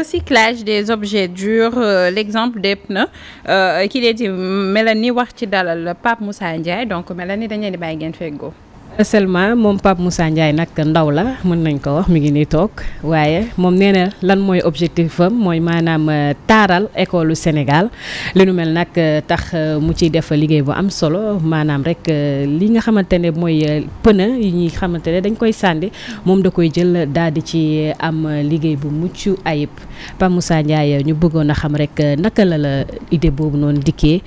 recyclage des objets durs euh, l'exemple des pneus kii dee ci Mélanie wax ci dalal Pape Moussa Ndiaye donc Mélanie dañu leen di bàyyi ngeen feggoo seulement moom Pape Moussa Ndiaye nag ndaw la mën nañ ko wax mi ngi nii toog waaye moom nee lan mooy objectif am mooy maanaam euh, taaral école Sénégal li mel nag euh, tax euh, mu ciy def liggéey bu am solo maanaam rek li nga xamante ne mooy pëna yi ñuy xamante ne dañ koy sandi moom da koy jël daal di ci am liggéey bu mucc ayib Pape Moussa Ndiaye ñu bëggoon a xam rek naka lala la idée boobu noonu dikkee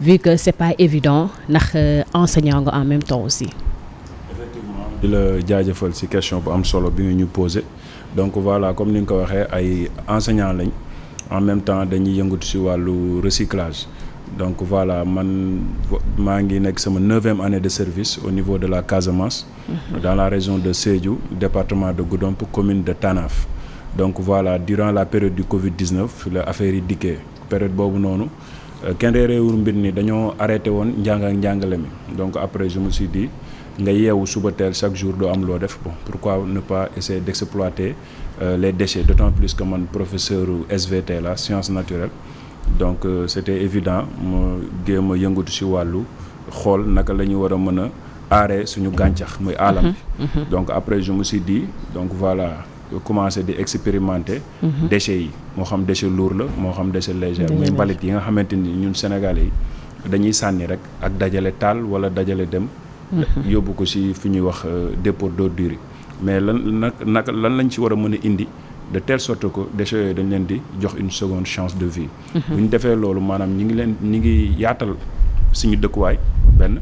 vu que c'est pas évident ndax enseignant nga en même temps aussi. di la jaajëfal ci question bu am solo bi nga ñu posé donc voilà comme ni nga ko waxee ay enseignants lañ en même temps dañuy yëngatu ci wàllu recyclage donc voilà man maa ngi nekk sama neuvième année de service au niveau de la Casamance. Mhm. dans la région de Sédhiou département de Goudomp commune de Tanaf. donc voilà durant la période du Covid 19 la affaire yi dikkee période boobu noonu euh, kenn réewul mbir ni dañoo arrêté woon njàng ak njàngale mi donc après je me nga yeewu suba teel chaque jour doo am loo def bon pourquoi ne pas essayer d'exploiter euh, les déchets plus que man professeur SVT la science naturelle donc euh, c'était évident ma géem a yëngatu ci wàllu xool naka la ñu war a mën a aaree suñu gàncax muy aalam bi mhm, mhm. donc après je me si di donc voilà commencer di expérimenter mhm. déchets yi moo xam déchet lourd la moo xam déchet léger muy mbalit yi nga xamante ni ñun Sénégalais yi dañuy sànni rek ak dajale taal wala dajale dem yóbbu ko si fi ñuy wax euh, dépôt d'ordures yi mais lan nag naka lan lañ si war a mën a indi de telle sorte que déchets yooyu dañ leen di jox une seconde chance de vie mhm. bu ñu defee loolu maanaam ñi ngi leen ñi ngi yaatal suñu dëkkuwaay benn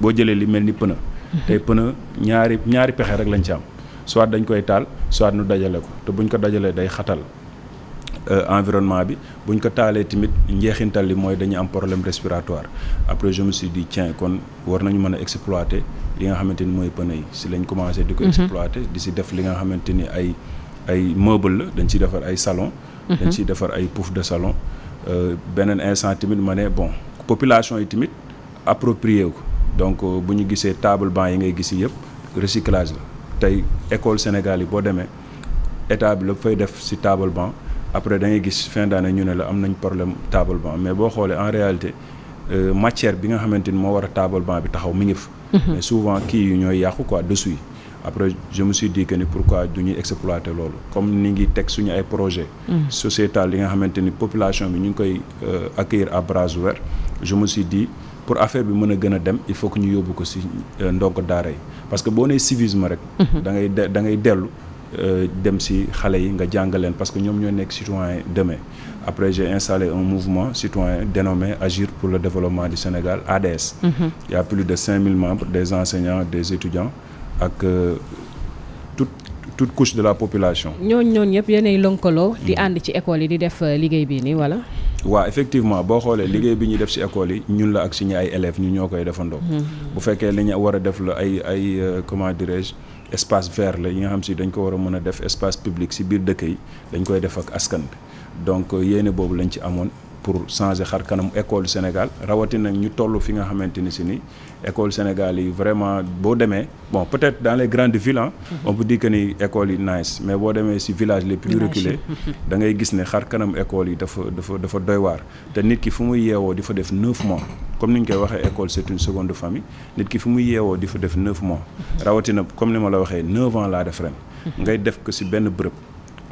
boo jëlee li mel ni pneu mhm. tey pneu ñaari ñaari pexe rek lañ ci am soit dañ koy taal soit nu dajale ko te buñ ko dajalee day xatal Euh, environnement bi buñ ko taalee tamit njeexintal li mooy dañu am problème respiratoire après je me suis dit tiens kon war nañu mën a exploiter li nga xamante ni mooy pneu yi si lañ commencé di ko mhm. exploiter di si def li nga xamante ni ay ay meuble la dañ siy defar ay salon mhm. dañ siy defar ay pouf de salon euh, beneen instant tamit ma ne bon population yi tamit approprié ko donc euh, bu ñu gisee table banc yi ngay gis yëpp recyclage la tey école Sénégal yi boo demee état bi la def si table après da ngay gis fin d'année ñu ne la am nañ problème table banc mais boo xoolee en réalité euh, matière bi nga xamante ni moo war a table bi taxaw mi ngi fa. Mhm. mais souvent kii yu ñooy yàqu quoi dessus yi après je me suis dit ni pour pourquoi du ñu exploiter loolu comme ni ngi teg suñu ay projet mhm. sociétal li nga xamante ni population bi ñu ngi koy euh, accueillir à bras ouverts je me suis dit pour affaire bi mën a gën a dem il faut que ñu yóbbu ko si euh, ndonk daara yi parce que boo nee civisme rek. Mhm. da ngay da ngay dellu. Euh, dem si xale yi nga jàngal leen parce que ñoom ñoo nekk citoyen demain après j'ai installé un mouvement citoyen dénommé Agir pour le développement du Sénégal ADS mm -hmm. il y a plus de 5000 des enseignants des étudiants ak euh, toute couche de la population ñooñu ñooñu ñëpp yéenay lënkaloo di mhm. ànd ci école yi di def euh, liggéey bii nii voilà waaw effectivement boo xoolee mhm. liggéey bi ñu def ci école yi ñun la ak suñu ay élèves ñu ñoo koy defandoo mhm. bu fekkee li ñu war a def la ay comment dirais espace vert la yi nga xam si dañ ko war a mën a def espace public si biir dëkk yi dañ koy def ak askan bi donc yéene boobu lañ ci amoon pour changer xar kanam école Sénégal rawatina ñu toll fi nga xamante ni si ni école Sénégal yi vraiment boo demee bon peut-être dans les grandes villes mm -hmm. on peut dire ni écoles yi nice mais boo demee si village les plus reculés da ngay gis ne xar kanam école yi dafa dafa dafa doy waar te nit ki fu muy yeewoo di fa def neuf mois comme ni ñu koy waxee école c'est une seconde famille nit ki fu muy yeewoo di fa def neuf mois mhm. rawatina comme ni ma la waxee neuf ans laa def mhm. ngay def ko si benn bërëb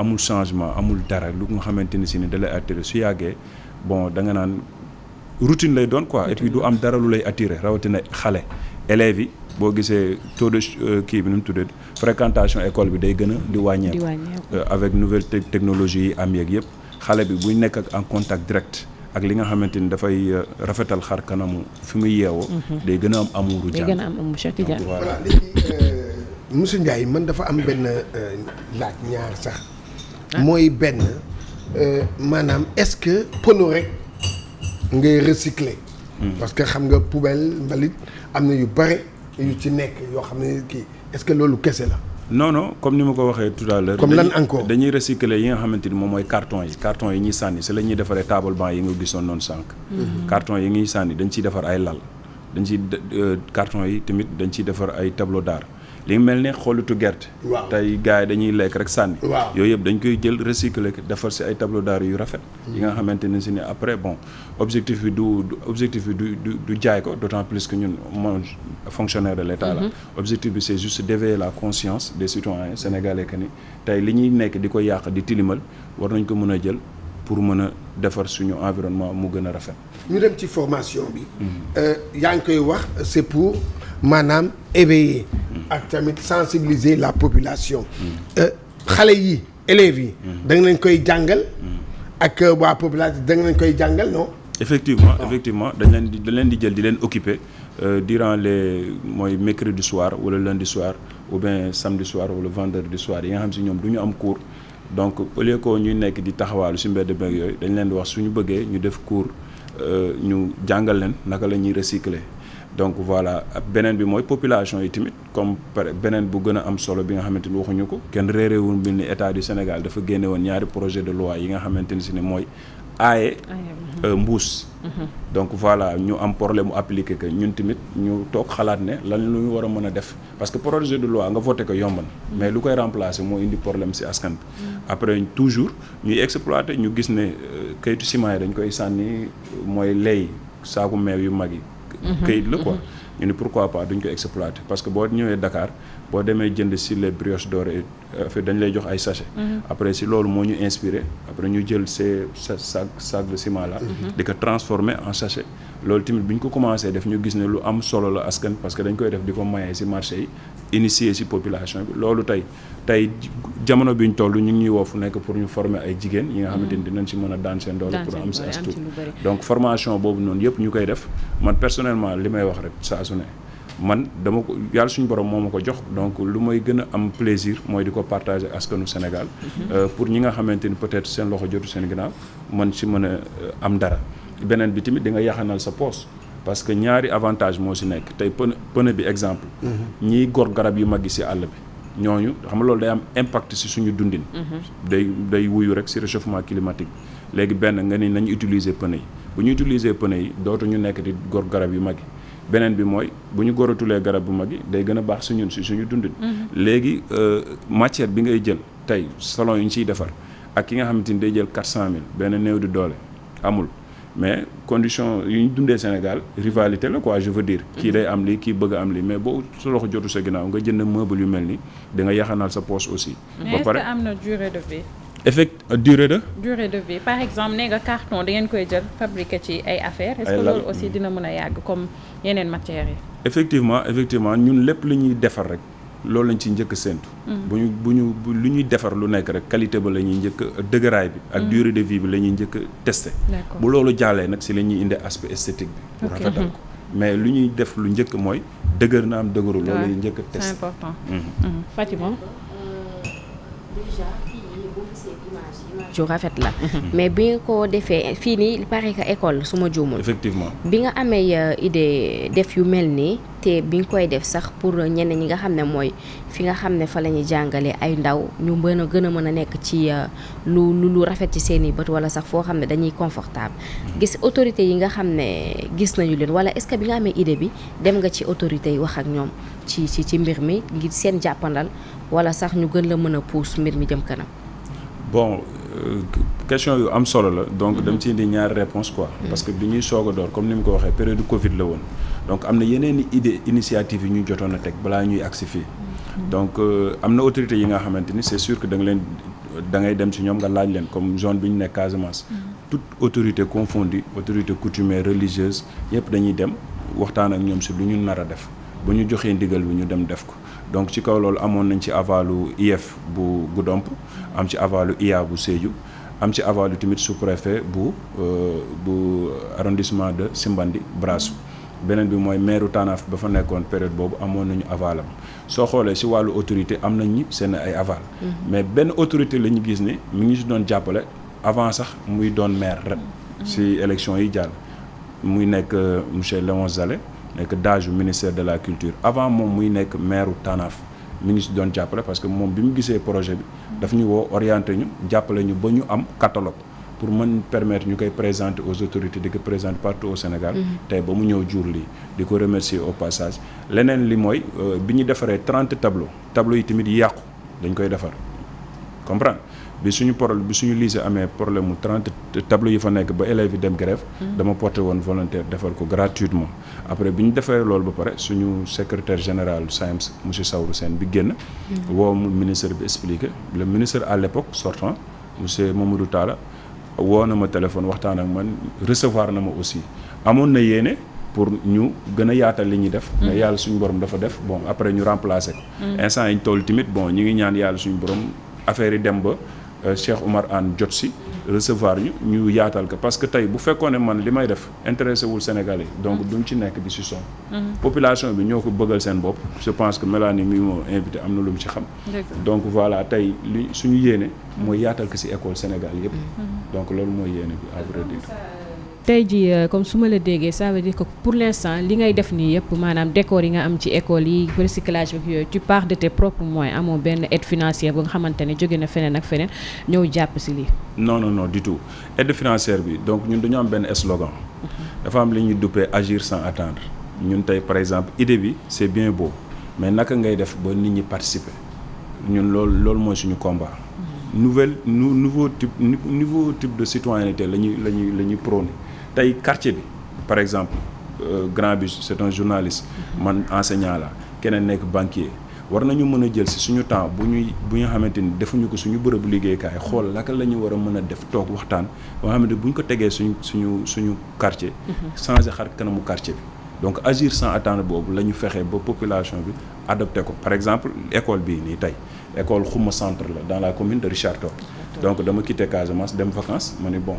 amul changement amul dara lu nga xamante ni si ni da lay attiré su yàggee bon da nga naan routine lay doon quoi et puis du am dara lu lay attiré rawatina xale élèves yi boo gisee taux de euh, kii bi nu mu tuddee fréquentation école bi day gën a di wàññeeku euh, avec nouvelle technologie yi am yeeg yëpp xale bi buy nekk ak en contact direct ak li nga xamante ni dafay euh, rafetal xar kanamu fi muy yeewoo mhm. day gën am amuru jàng day gën voilà monsieur Ndiaye man dafa am benn laaj ñaar sax ah. mooy benn Euh, maanaam est-ce que pono rek ngay recycler. Hmm. parce que xam nga poubelle mbalit am na yu bare yu ci nekk yoo xam ne kii est-ce que loolu kese la. non comme ni ma ko waxee tout à l'heure comme lan encore dañuy recycler yi nga xamante ni moom mooy carton yi carton yi ñuy sànni si la ñuy defaree table banc yi nga gisoon noonu sànq. Mhm. carton yi ñuy sànni dañ ciy defar ay lal dañ ci ciy euh, carton yi tamit dañ ciy defar ay tableau d'art li mel ni xoolitu gerte. waaw tey gars yi dañuy lekk rek sànni. waaw yooyu yëpp dañ koy jël recycler defar si ay tableau d'art yu rafet. yi nga xamante ne si ne après bon objectif bi du objectif bi du du du jaay ko d' autant plus que ñun moom fonctionnaire de l' état la. Mm-hmm. objectif bi c' juste d'éveiller la conscience de citoyens sénégalais que ni tey li ñuy nekk di ko yàq di tilimal war nañ ko mën a jël. pour mën a defar suñu environnement mu gën a rafet. ñu dem ci formation bi. Mm-hmm. Euh, yaa ngi koy wax c'est pour. maanaam éveiller ak tamit sensibiliser la population euh, xale yi élèves yi da nga koy jàngal ak euh, waa population da nga koy jàngal non effectivement effectivement dañ leen di dañ leen di jël di leen occuper euh, durant les mooy mercredi soir wala lundi soir ou bien samedi soir wala vendredi soir yi nga xam si ñoom du ñu am cours donc au lieu que ñuy nekk di taxawaalu si mbedd beeg yooyu dañ leen di wax suñu bëggee ñu def cours ñu jàngal leen naka la ñuy recycler donc voilà beneen bi mooy population yi tamit comme beneen bu gën a am solo bi nga xamante ni waxuñu ko kenn réerewul bi ni état du Sénégal dafa génne woon ñaari projet de loi yi nga xamante ni si ne mooy aaye euh, mhm. mbuus mhm. donc voilà ñu am problème mu appliqué que ñun tamit ñu toog xalaat ne lan lu ñu war a mën a def parce que projet de loi nga voté ko yomb na mhm. mais lu koy remplacer moo indi problème si askan bi après toujours ñuy exploité ñu gis ne euh, kayitu ciment yi dañ koy sànni mooy lay saaku meew yu mag yi këyit la quoi mhm. ñu ni pourquoi pas duñ ko exploiter parce que boo ñëwee Dakar boo demee jënd si les brioches dorées euh, fait dañ lay jox ay sachet mhm. après si loolu moo ñu inspiré après ñu jël ces sac sac de ciment là mhm. di ko transformer en sachet loolu tamit bi ñu ko commencé def ñu gis ne lu am solo la askan parce que dañ koy def di ko mayee si marché yi initier si population bi loolu tey tey jamono bi ñu toll ñu ngi ñuy woo fu nekk pour ñu former ay jigéen yi nga mhm. xamante ni dinañ si mën a daan seen doole pour am sa astu donc formation boobu noonu yëpp ñu koy def man personnellement li may wax rek saa man dama ko yàlla suñu borom moom ma ko jox donc lu may gën a am plaisir mooy di ko partager askanu Sénégal. Mhm. Euh, pour ñi nga xamante ni peut-être seen loxo jotu seen ginnaaw man si mën a euh, am dara. beneen bi tamit di nga yaxanal sa poos parce que ñaari avantage moo si nekk tey pën pën bi exemple. Mhm. ñii gor garab yu mag yi si àll bi. ñooñu xam loolu day am impact ci suñu dundin. Mhm. day day wuyu rek ci réchauffement climatique léegi benn nga ni nañu utiliser pneu yi bu ñu utiliser pneu yi dootuñu nekk di gor garab yu mag yi beneen bi mooy bu ñu goratulee garab bu mag yi day gën a baax suñu si suñu dundin. Mm-hmm. léegi euh, matière bi ngay jël tey salon yu ñu ciy defar ak ki nga xamante ni day jël quatre cent mille benn néew di doole amul. mais condition yu ñu dundee Sénégal rivalité la quoi je veux mm-hmm. kii day am lii kii bëgg am lii mais boo sa loxo jotu sa ginnaaw nga jënd meuble yu mel nii danga nga sa poche aussi. ba pare de effect euh, durée de. durée de vie par exemple nee nga carton da ngeen koy jël fabriquer ci ay affaire est-ce loolu dina mën a yàgg comme yeneen matières yi. effectivement effectivement ñun lépp lu ñuy defar rek loolu lañ ci njëkk séntu. Mm-hmm. bu ñu bu ñu lu ñuy defar lu nekk rek qualité ba la ñuy njëkk dëgëraay bi. ak mm-hmm. dure de vie bi la ñuy njëkk testé. bu loolu jaalee nag si la ñuy indi aspect esthétique bi. pour rafetal ko mm-hmm. mais lu ñuy def lu njëkk mooy dëgër na am dëgëru. loolu la ñuy njëkk ju rafet la mhm. mais bi nga ko defee fii nii il paraît que école su ma juumul effectivement bi nga amee euh, idée def yu mel nii te bi nga koy def sax pour ñenn ñi nga xam ne mooy fi nga xam ne fa la ñuy jàngale ay ndaw ñu mën a gën a mën a nekk ci euh, lu lu lu rafet ci seen i bët wala sax foo xam ne dañuy confortable mhm. gis autorité yi nga xam ne gis nañu leen wala est-ce que bi nga amee idée bi dem nga ci autorité yi wax ak ñoom ci ci ci mbir mi ngir seen jàppandal wala sax ñu gën la mën a puus mbir mi jëm kanam bon euh, question yu am solo la donc dama ci indi ñaari réponse quoi mm. parce que bi ñuy soog a door comme ni mu ko waxee période Covid la woon donc am na yeneen idée initiative yi ñuy jotoon a teg balaa ñuy agsi fii mm. donc euh, am na autorités yi nga xamante ni c'est sûr que da nga leen da ngay dem ci ñoom nga laaj leen comme zone bi ñu nekk Casamance mm. toute autorité confondue autorité coutumière religieuse yëpp dañuy dem waxtaan ak ñoom si lu ñu nar a def bu ñu joxee ndigal bi ñu dem def ko donc ci kaw loolu amoon nañu ci avalu IF bu Goudomp am ci avalu IA bu Sédhiou am ci avalu tamit sous-préfet bu euh, bu arrondissement de Simbandi Brassou beneen bi mooy maire Tanaff ba fa nekkoon période boobu amoon nañu avalam soo xoolee si wàllu autorité am nañ seen ay aval. Mm-hmm. mais benn autorité la ñu gis ni mi ngi si doon jàppale avant sax muy doon maire ren. si mm-hmm. élection yi jàll muy nekk euh, monsieur Léonce Zalé. nekk daaju ministère de la culture avant moom muy nekk maire Tanaaf mi ngi si doon jàppale parce que moom bi mu gisee projet bi daf ñu woo orienté ñu jàppale ñu ba ñu am catalogue pour man permettre ñu koy présenter aux autorités di ko présenter partout au Sénégal mhm. tey ba mu ñëw jur lii di ko remercier au passage leneen li mooy euh, bi ñu defaree trente tableaux tableaux yi tamit yàqu dañ koy defar comprendre bi suñu problème bi suñu lycée amee problème mu trente tableau yi fa nekk ba élèves yi dem grève mm-hmm. dama porté woon volontaire defal ko gratuitement après bi ñu defee loolu ba pare suñu secrétaire général SAEMS monsieur Saourou seen bi génn mm-hmm. woo ministre bi expliqué le ministre à l'époque sortant monsieur Mamadou Talla woo na ma téléphone waxtaan ak man recevoir na ma aussi amoon na yéene pour ñu gën a yaatal li ñuy def. Mm-hmm. mais yàlla suñu borom dafa def bon après ñu remplacer ko. instant yi ñaan yàlla suñu borom affaire yi dem ba. Euh, Cheikh Oumar ann jot si recevoir ñu ñu yaatal ko parce que tey bu fekkoon ne man li may def intéressé wul Sénégalais donc duñ ci nekk di si son mhm. population bi ñoo ko bëggal seen bopp je pense que Mélanie mi moo invité am na lu mu ci xam donc voilà tey li suñu yéene mooy yaatal ko si école Sénégal yëpp mhm. donc loolu mooy yéene bi à vrai tey ji euh, comme su ma la déggee ça veut dire que pour l' li ngay def nii yëpp maanaam décor yi nga am ci école yi recyclage ak yooyu tu pars de tes propres moyens amoo benn aide financière ba nga xamante ne jóge na feneen ak feneen ñëw jàpp si lii. non non no du tout aide financière bi donc ñun dañu am benn slogan. Mhm. dafa am li ñuy duppee agir sans attendre ñun tey par exemple idée bi c' est bien bo mais naka ngay def ba nit ñi participer ñun loolu loolu mooy suñu combat. Mhm. nouvelle nouveau type nouveau type de citoyenneté la ñuy la ñuy la ñuy prôné tey quartier bi par exemple euh, grand bi c'est un journaliste man enseignant la keneen nekk banquier war nañu mën a jël si suñu temps bu ñuy bu ñu xamante ni defuñu ko suñu bërëbu liggéeykaay xool naka la ñu war a mën a def toog waxtaan ba nga xamante bu ñu ko tegee suñu suñu suñu quartier. Mhm. changer xar kanamu quartier bi. donc agir sans attendre boobu la ñu fexe ba population bi adopté ko par exemple école bii nii tey école xuma centre la dans la commune de Richard Toll. donc dama quitté Casamance dem vacances ma ne bon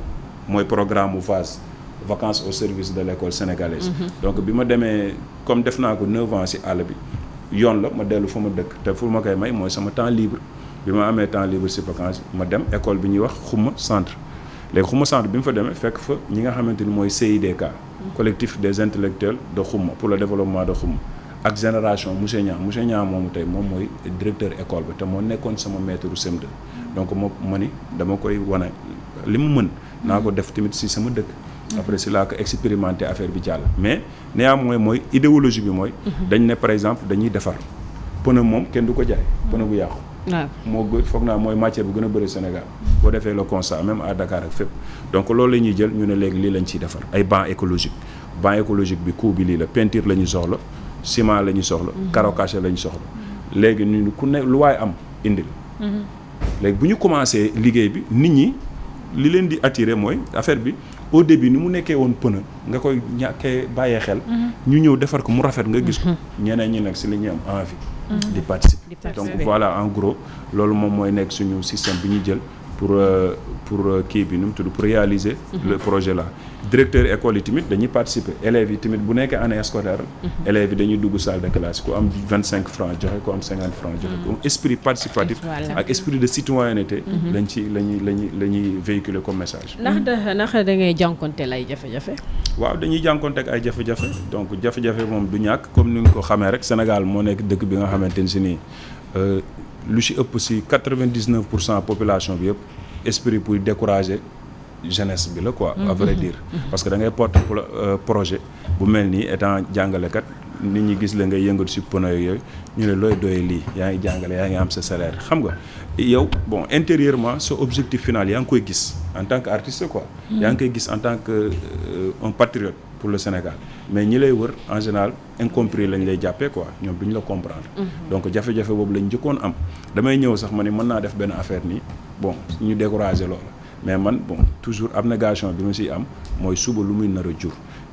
mooy programme mu phase vacances au service de l' école sénégalaise. donc bi ma demee comme def naa ko 9 ans si àll bi yoon la ma dellu fu ma dëkk te fu ma koy may mooy sama temps libre bi ma amee temps libre si vacances ma dem école bi ñuy wax xuma centre. léegi xuma centre bi mu fa demee fekk fa ñi nga xamante ni mooy CIDK. collectif des intellectuels de xuma pour le développement de xuma. ak génération monsieur Niang monsieur Niang moomu tey moom mooy directeur école bi te moo nekkoon sama maître CM2 moo ma ni dama koy wane li mu mën naa ko def tamit si sama dëkk. après si laa ko expérimenté affaire bi jàll. mais am mooy idéologie bi mooy. Mhm. dañ ne par exemple dañuy defar pneu moom kenn du ko jaay. pneu bu yàqu. waaw moo gën foog naa mooy matière bu gën a bëri Sénégal. boo defee le constat même a Dakar ak fépp. donc loolu la ñuy jël ñu ne léegi lii lañ ciy defar ay banc écologique banc écologique bi coût bi lii la peinture la ñu soxla ciment la ñu soxla. Mhm. carrocage la ñu soxla. léegi ñu ku ne lu waaye am indil. Mhm. léegi bu ñu commencé liggéey bi nit ñi li leen di attirer mooy affaire bi. au début ni mu nekkee woon pneu nga koy ñàkkee bàyyee xel. Mhm. ñu ñëw defar ko mu rafet nga gis ko. Mhm. ñeneen ñi nag si la ñuy am envie. Mhm. di participer donc voilà en loolu moom mooy nekk suñu système bi ñu jël. pour euh, pour euh, kii bi nu mu tudd pour réaliser mhm. le projet la directeur école yi tamit dañuy participer élèves yi tamit bu nekkee année scolaire mhm. élèves yi dañuy dugg salle de classe ku am vingt cinq francs joxe ku am cinquante francs joxe donc mhm. esprit participatif ak esprit de citoyenneté lañ ci lañuy lañuy la ñuy véhiculer comme message ndax da ndax da ngay jànkonteel ay jafe-jafe waaw dañuy jànkonte ak ay jafe-jafe donc jafe-jafe moom du ñàkk comme ni nga ko xamee rek Sénégal moo nekk dëkk bi nga xamante ni si nii Euh, lu ci ëpp ci quatre-vingt-dix-neuf pour cent population bi yëpp esprit pour décourager jeunesse bi la quoi. à vrai mm-hmm. dire. parce que da ngay porter euh, projet bu mel nii étant jàngalekat. nit ñi gis la ngay yëngatu si pono yooyu ñu ne looy doy lii yaa ngi jàngale yaa ngi am sa salaire xam nga yow bon intérieurement sa objectif final yaa nga koy gis en tant que artiste ko hmm. yaa ngi koy gis en tant que euh, un pour le Sénégal mais ñi lay wër en général incompris lañ lay jàppee quoi ñoom duñ la comprendre. Hmm. donc jafe-jafe boobu lañ njëkkoon am. damay ñëw sax ma ni mën naa def benn affaire nii bon ñu décourager loola mais man bon toujours abnégation bi ma siy am mooy suba lu muy nar a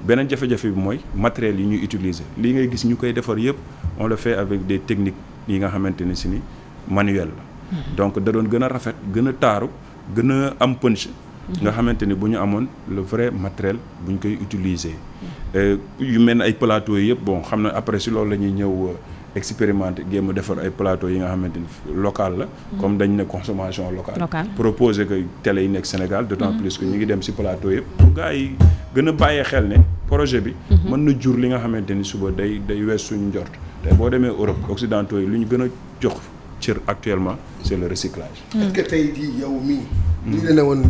beneen jafe-jafe bi mooy matériel yi ñuy utiliser lii ngay gis ñu koy defar yëpp on le fait avec des techniques yi nga xamante si ni manuel la hmm. donc da doon gën a rafet gën a taaru gën a am punch hmm. nga xamante ni bu ñu amoon le vrai matériel bu ñu koy utiliser hmm. euh, yu mel ne ay plateau yëpp bon xam na après si loolu la ñuy ñëw euh, expérimenté géem a defar ay plateau yi nga xamante ni local la comme dañ ne consommation locale proposer que télé yi nekk Sénégal d' autant plus que ñu ngi dem si plateau yëpp pour gars yi gën a bàyyi xel ne projet bi. Mhm. mën na jur li nga xamante ni suba day day wees suñu njort te boo demee Europe occidentaux yi lu ñu gën a jox cër actuellement c' est le recyclage. est-ce hmm. que tey jii yow mii. ñu hmm. ne woon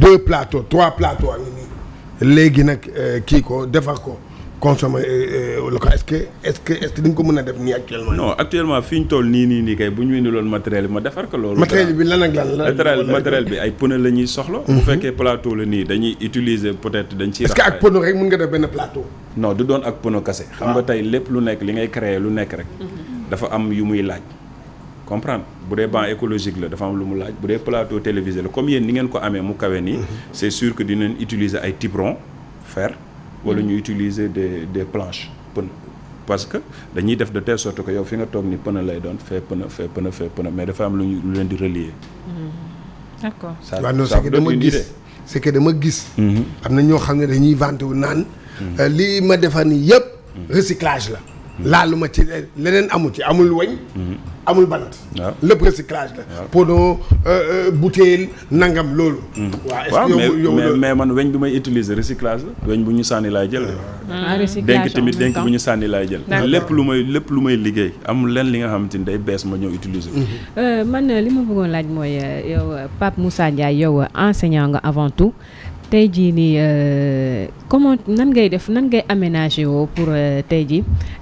deux plateaux trois plateaux ak nii léegi nag euh, kii ko defar ko. consommer euh, euh, local est-ce que est-ce que est-ce que di nga ko mën a def nii actuellement. non actuellement fi ñu tool nii nii nii kay bu ñu indiloon matériel bi ma defar ko loolu. matériel bi lan ak lan la matériel bi ay pneu la ñuy soxla. bu mhm. fekkee plateau la nii dañuy utiliser peut-être dañ ciy. est-ce que ak pneu rek mën nga def benn plateau. non du doon ak pneu kese. xam nga ah. tey lépp lu nekk li ngay créer lu nekk rek. Mhm. dafa am yu muy laaj. comprendre bu dee banc écologique la dafa am lu mu laaj bu dee plateau télévisé la comme yéen ni ngeen ko amee mu kawe nii. Mhm. c'est sûr que dinañ utiliser ay tiberons fer. wala ñu utiliser de des planches pën parce que dañuy def de telle sorte que yow fi nga toog ni pën lay doon fee pën fee pën fee pën mais dafa am lu ñu lu leen di relier. Mm-hmm. d'accord ça waaw non c'est que dama gis c'est que dama gis. am na ñoo xam ne dañuy vanter wu naan. Mm-hmm. Euh, li ma defar nii yëpp mm-hmm. recyclage la. ma ci leneen amu ci amul weñ mm-hmm. amul bant lépp recyclage la pono euh, euh, bouteille nangam loolu mm-hmm. waaw mais mais man weñ bi may utiliser recyclage la weñ bu ñu sànni laay jël ah, denk ah, tamit denk bu ñu sànni laay jël lépp lu may lépp lu may liggéey amul leen li nga xamante ni day bees ma ñëw utiliser mm-hmm. euh, man li ma bëggoon laaj mooy yow Pape Moussa Ndiaye yow enseignant nga avant tout tey jii nii euh, comment nan ngay def nan ngay aménager woo pour euh, tey jii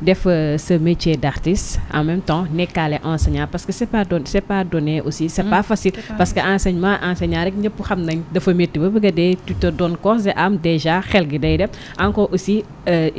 def euh, ce métier d'artiste en même temps nekkaale enseignant parce que c'est pas don c'est pas donné aussi c'est mmh, pas facile parce que enseignement enseignant rek ñëpp xam nañ dafa métti ba bëgg a dee tu te donnes corps et âme déjà xel gi day dem encore aussi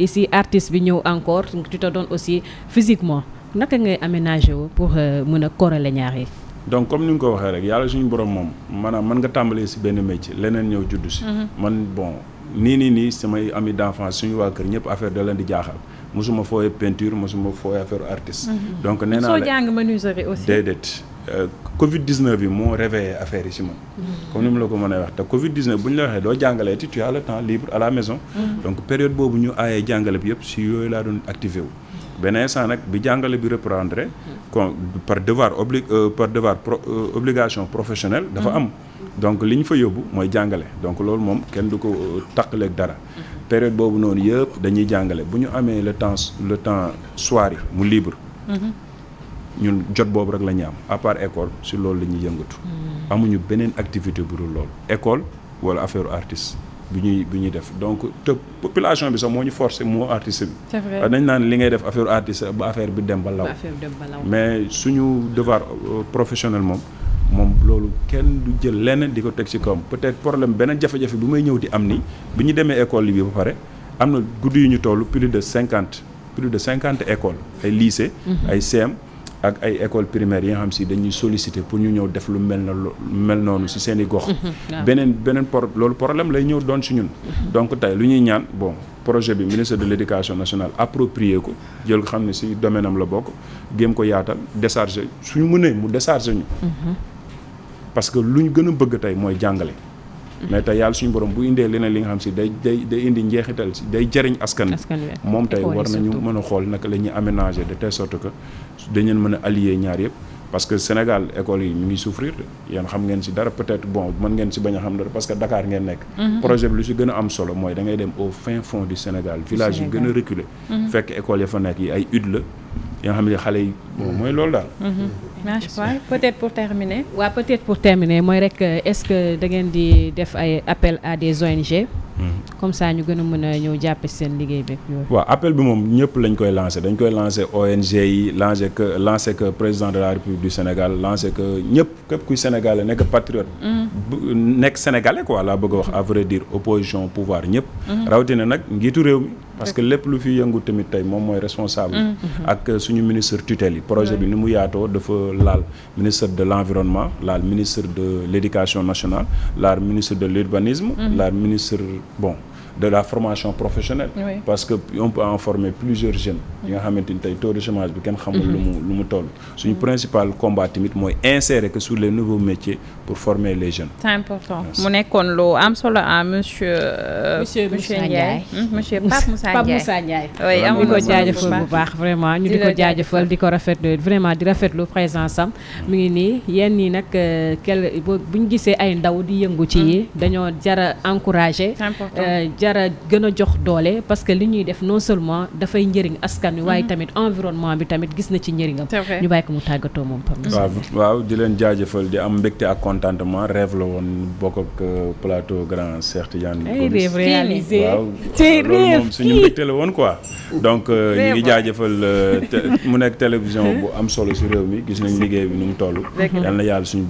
ici artiste bi ñëw encore tu te donnes aussi physiquement naka ngay aménager woo pour mën a corréler ñaar yi donc comme ni nga ko waxee rek yàlla suñu borom moom maanaam mën nga tàmbalee si benn métier leneen ñëw juddu si. Mhm. man bon nii nii nii samay ami d'enfance suñu waa kër ñëpp affaire da leen di jaaxal mosuma fooyee peinture mosuma fooyee affaire artiste. Mhm. donc nee naa la soo jàng menuiserie aussi. déedéet euh, bi moo réveillé affaire yi si man. Mhm. comme ni mu la ko mën a wax te Covid 19 bu ñu la waxee doo jàngalee ti tu as le temps libre à la maison. donc période boobu ñu aayee jàngale yëpp si yooyu laa doon activé wu. benn instant nag bi jàngale bi reprendre. kon par devoir obli euh, par devoir euh, obligation professionnelle. dafa mm-hmm. am donc li ñu fa yóbbu mooy jàngale donc loolu moom kenn du ko euh, taqaleeg dara. Mm-hmm. période boobu noonu yëpp dañuy jàngale bu ñu amee le temps le temps soir yi mu libre. Mm-hmm. ñun jot boobu rek la ñu am à part école si loolu la ñuy yëngatu. amuñu beneen activité bu dul loolu école wala affaire artiste. bi ñuy bi ñuy def donc te population bi sax moo ñu forcé moo artiste bi. c'est vrai ah, dañ naan li ngay def affaire artiste ba affaire bi dem ba law. mais suñu devoir euh, professionnel moom. moom loolu kenn du jël lenn di ko teg ci kawam peut-être problème beneen jafe-jafe bi may ñëw di am ni bi ñu demee école yi bi ba pare am na guddi yu ñu toll plus de cinquante plus de cinquante école ay lycée mhm. ay CM. ak ay école primaire yi nga xam si dañuy solliciter pour ñu ñëw def lu mel na lu mel noonu si seen i gox. Mhm, beneen beneen por loolu problème lay ñëw doon si ñun. Mhm. donc tey lu ñuy ñaan bon projet bi ministre de l' éducation nationale approprié ko jël xam ne si domaine am la bokk géem ko yaatal décharger suñu mënee mu décharger ñu. Mhm. parce que lu ñu gën a bëgg tey mooy jàngale. mais tey yàlla suñu borom bu indee leneen li nga xam si day day day indi njeexital si day jëriñ askan bi moom tey war na ñu mën a xool naka la ñuy aménager de telle sorte que dañeen mën a allier ñaar yëpp parce que Sénégal école yi mu ngi souffrir yéen xam ngeen si dara peut-être bon mën ngeen si bañ a xam dara parce que Dakar ngeen nekk mhm. projet bi lu si gën a am solo mooy da ngay dem au fin fond du Sénégal village yu gën a reculé mhm. fekk école ya fa nekk yi ay la yoo xam ne xale yi mooy lool daal. macha mhm. mhm. allah peut-être pour terminer. waaw ouais, pour terminer mooy rek euh, est-ce que da ngeen di def ay appel à des ONG. Mhm. comme ça ñu gën a mën a ñëw jàppe seen liggéey beeg yooyu. waaw appel bi moom ñëpp lañ koy lancé dañ koy lancé ONG yi lancé que lancé que président de la République du Sénégal lancé que ñëpp képp kuy sénégalais nekk patriote. nekk sénégalais quoi laa bëgg a wax à vrai dire opposition pouvoir ñëpp. rawatina na njiitu réew mi. parce que lépp lu fi yëngul tamit tey moom mooy responsable mm. ak suñu ministre tutel yi projet bi ni mu yaatoo dafa laal ministre de l'environnement laal ministre de l'éducation nationale laal ministre de l'urbanisme mm. laal ministre bon de la formation professionnelle parce que on peut en former plusieurs jeunes mm. yi nga xamante ni tey taux de chômage bi kenn xamul mm-hmm. lu mu lu mu toll suñu principal combat tamit mooy insérer que sur les nouveaux métiers pour former les mu nekkoon lu am solo ah monsieur. monsieur monsieur Ndiaye hmm, monsieur Pape Moussa Ndiaye Pape Moussa Ndiaye. ko jaajëfal bu baax vraiment ñu di ko jaajëfal di ko rafetlu vraiment di rafetlu présence am. mu ngi nii yéen ñii nag kel euh, bu ñu gisee ay ndaw di yëngu ci yi hmm. dañoo jara encourager euh, jara gën a jox doole parce que li ñuy def non seulement dafay njëriñ askan wi waaye hmm. tamit environnement bi tamit gis na ci njëriñam. ñu bàyyi ko mu tàggatoo moom Pape Moussa. waaw waaw di leen jaajëfal di am mbégte ak contentement rêve la woon bokk ak euh, plateau grand Cheikh Tidiane. ay eh, rêve réalisé waaw loolu moom suñu mbégte la woon quoi. donc euh, ñu ngi jaajëfal euh, mu nekk télévision bu am solo si réew mi gis nañ liggéey bi nu mu toll. yal na yàlla suñu.